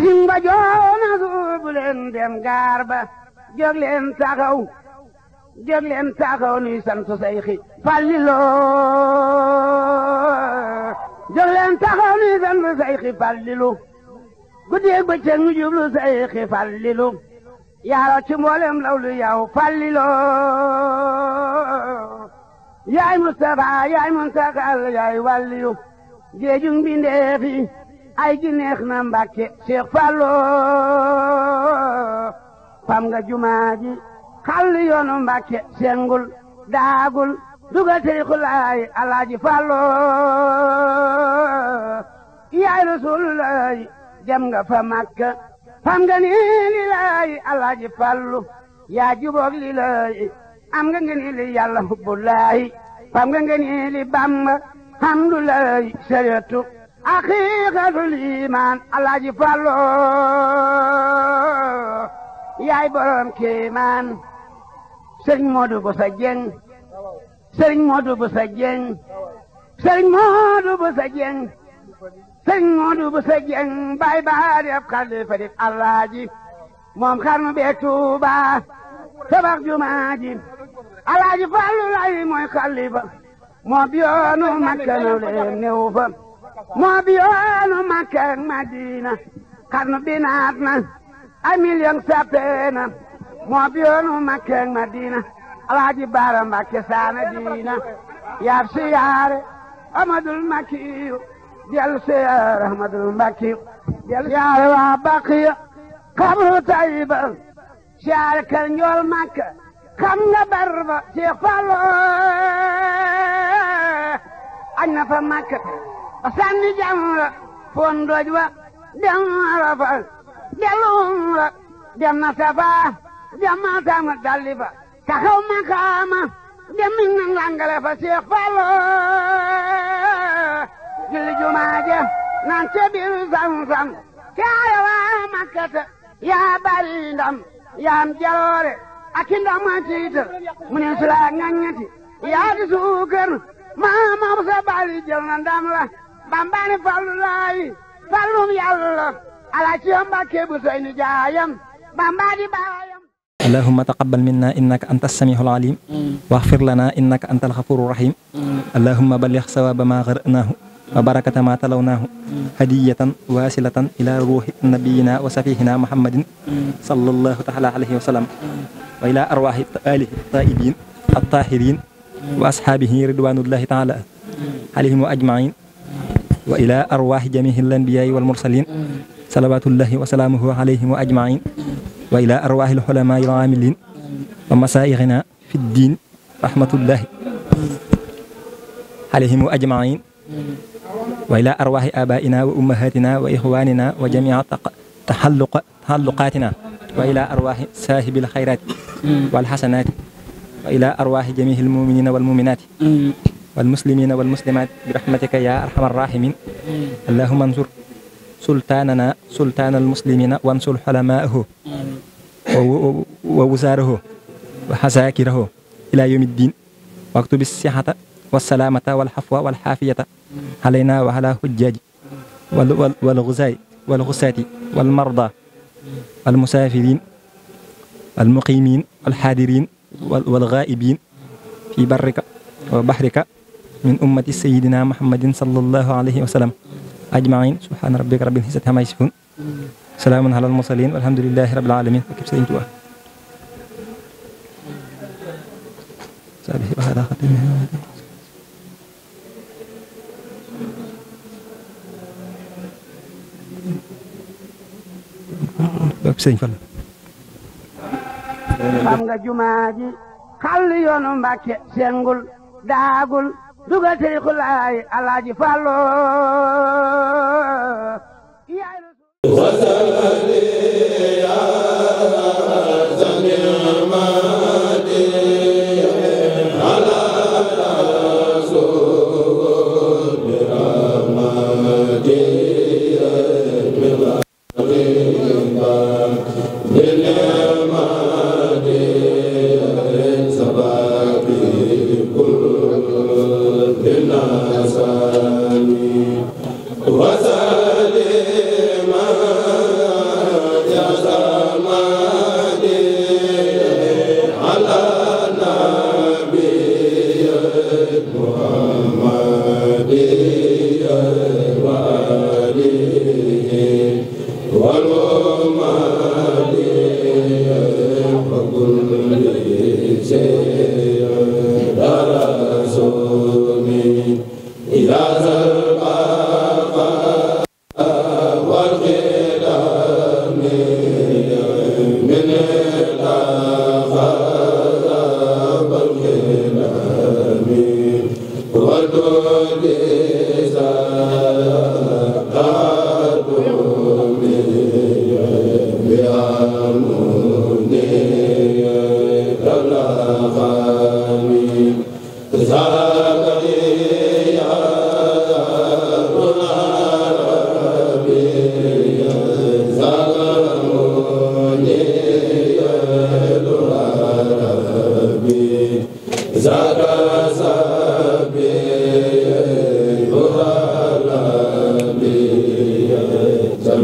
xasim ba joona suubu leen dem gaar ba jóg leen taxaw jóg leen taxaw nuy sant sayxi Fàllilu jóg leen taxaw nuy sant sayxi Fàllilu guddeeg bëccëg nu jublu sayxi Fàllilu yaaro ci mboolem lawlu yow Fàllilu yaay Mustafa yaay Muntakal yaay wàlliyu géejug mbindeef yi ay ji na mbàkke Seex Fallu fam nga jumaa ji xàll yoonu mbàkke sengul daagul dugal tariku laay alaaji Fallu yaay rasulullaay dem nga fa Makka fam nga ni laay alaaji Fallu yaa juboog li laay am nga nga ni li yàlla fam nga nga ni li Bàmba hamdulaay sareetu haqiqatul iman alaaji Fallu yaay borom kéemaan sëriñ Modou Bousso Dieng sëriñ Modou Bousso Dieng sëriñ Modou Bousso Dieng bay ba def xalifa def moom xarnu bee Tuuba tabax jumaa ji alaaji lay mooy xalifa moo biyoonu makka naw leen néew fa moo bi yoonu Makka ak Madina ay million sappee moo bi yoonu Makka Alaaji Baara Mbàkke saana diina yaab siyaare Amadul Makkiyu del siyaare Amadul Makkiyu del siyaare waa Baqiya xabru Tayiba siyaare kër njool Makka xam nga barba Seex Fallu añ na fa Makka sànni jam la fon doj wa dem Arafat delum la dem na Safa dem Mata Muzdalifa taxaw makaama dem na langale fa Seex Fallu julli jumaa ja naan ca biir Zamzam kaaya waa Makkata yaa bari ndam yaa am jaloore ndam a tiital mu ne su laa ngañati yaa di suukar maa moom sa bari jël na ndam la bambani fallu laayi fallum yàlla ala ci Mbàkke bu soy ni jaayam bamba di baayam allahumma taqabbal minna innaka anta as-sami'ul alim mm. waghfir lana innaka antal ghafurur rahim mm. allahumma balligh sawaba ma gharanahu wa mm. barakata ma talawnaahu hadiyatan wasilatan ila ruhi nabiyina wa safihina muhammadin sallallahu taala alayhi wa sallam wa ila arwahi alihi taibin at-tahirin wa ashaabihi ridwanullahi taala alayhim wa ajmain wa ila arwaahi jamihi l anbiyaai wal mursalin salawatullahi wa salaamuhu alayhim wa ajmain wa ila arwaahi l xulamaa il aamilin wa masaayixina fi diin rahmatullahi alayhim wa ajmain wa ila arwaahi abaina wa ummahatina wa ixwanina wa jamia taxalluqa taxalluqaatina wa ila arwaahi saahibil xayraati hmm. wal xasanaati wa ila arwaahi jamihi l muminina wal muminaati hmm. والمسلمين والمسلمات برحمتك يا أرحم الراحمين اللهم انصر سلطاننا سلطان المسلمين وانصر حلمائه ووزاره وحساكره إلى يوم الدين واكتب الصحة والسلامة والحفوة والحافية علينا وعلى حجاج والغزاة والغساة والمرضى المسافرين المقيمين والحاضرين والغائبين في برك وبحرك min ummati sayidina muhammadin sallallahu alayhi wa sallam ajmain subhaana rabbika rabbil izzati amma yasifun salaamun alal mursalin walhamdulillahi rabbil alamin ak sëriñ Tuubaa xam nga jumaa ji xal yoonu Mbàkke sengul daagul dugal tariixu laay alaaji Fàllu be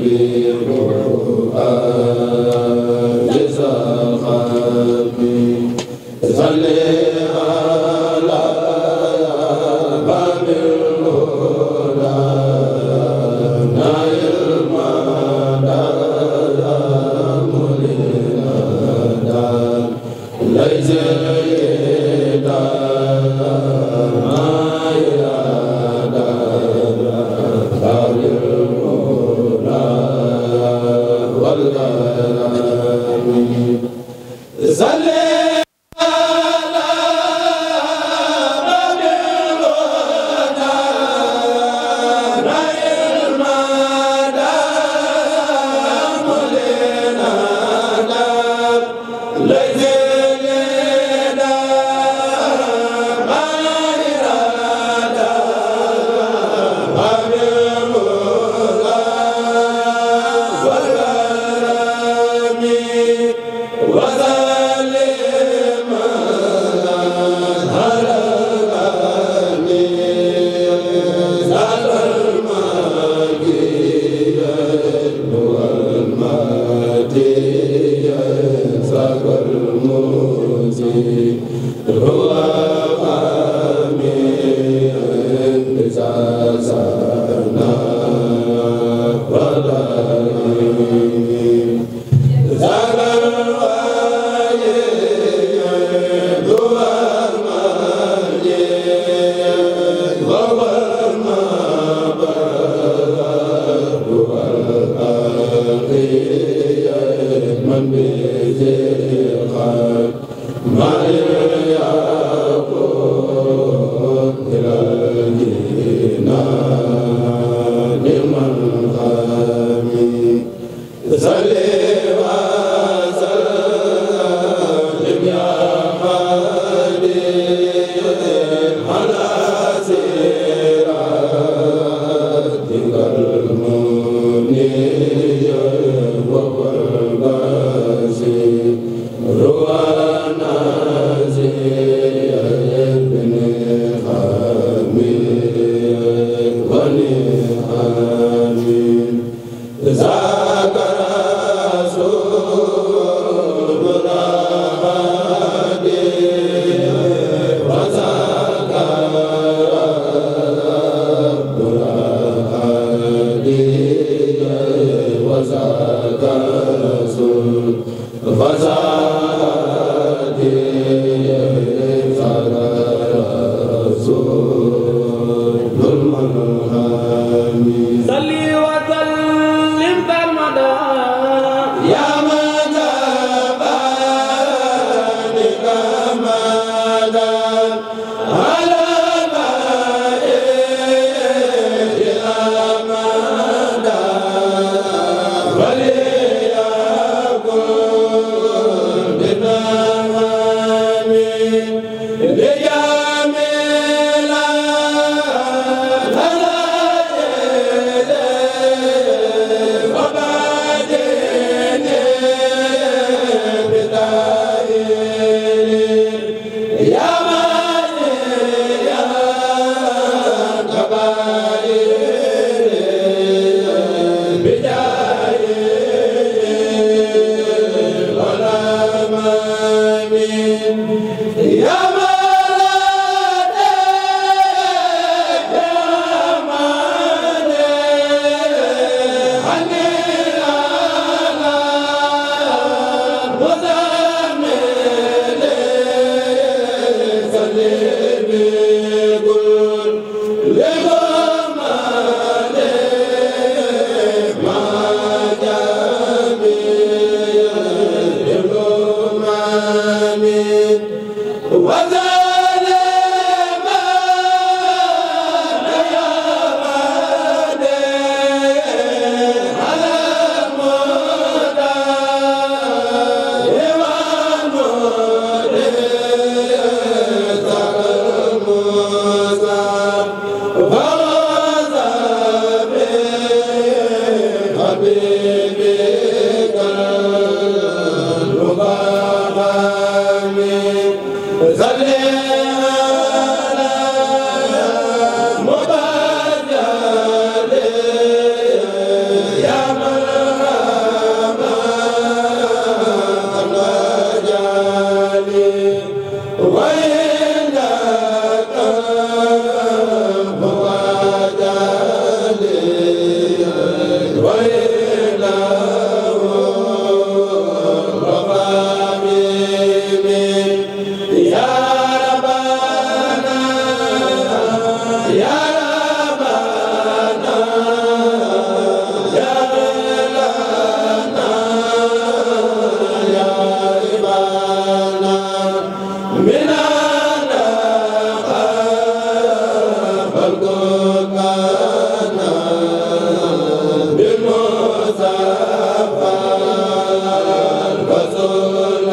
bi Amen wa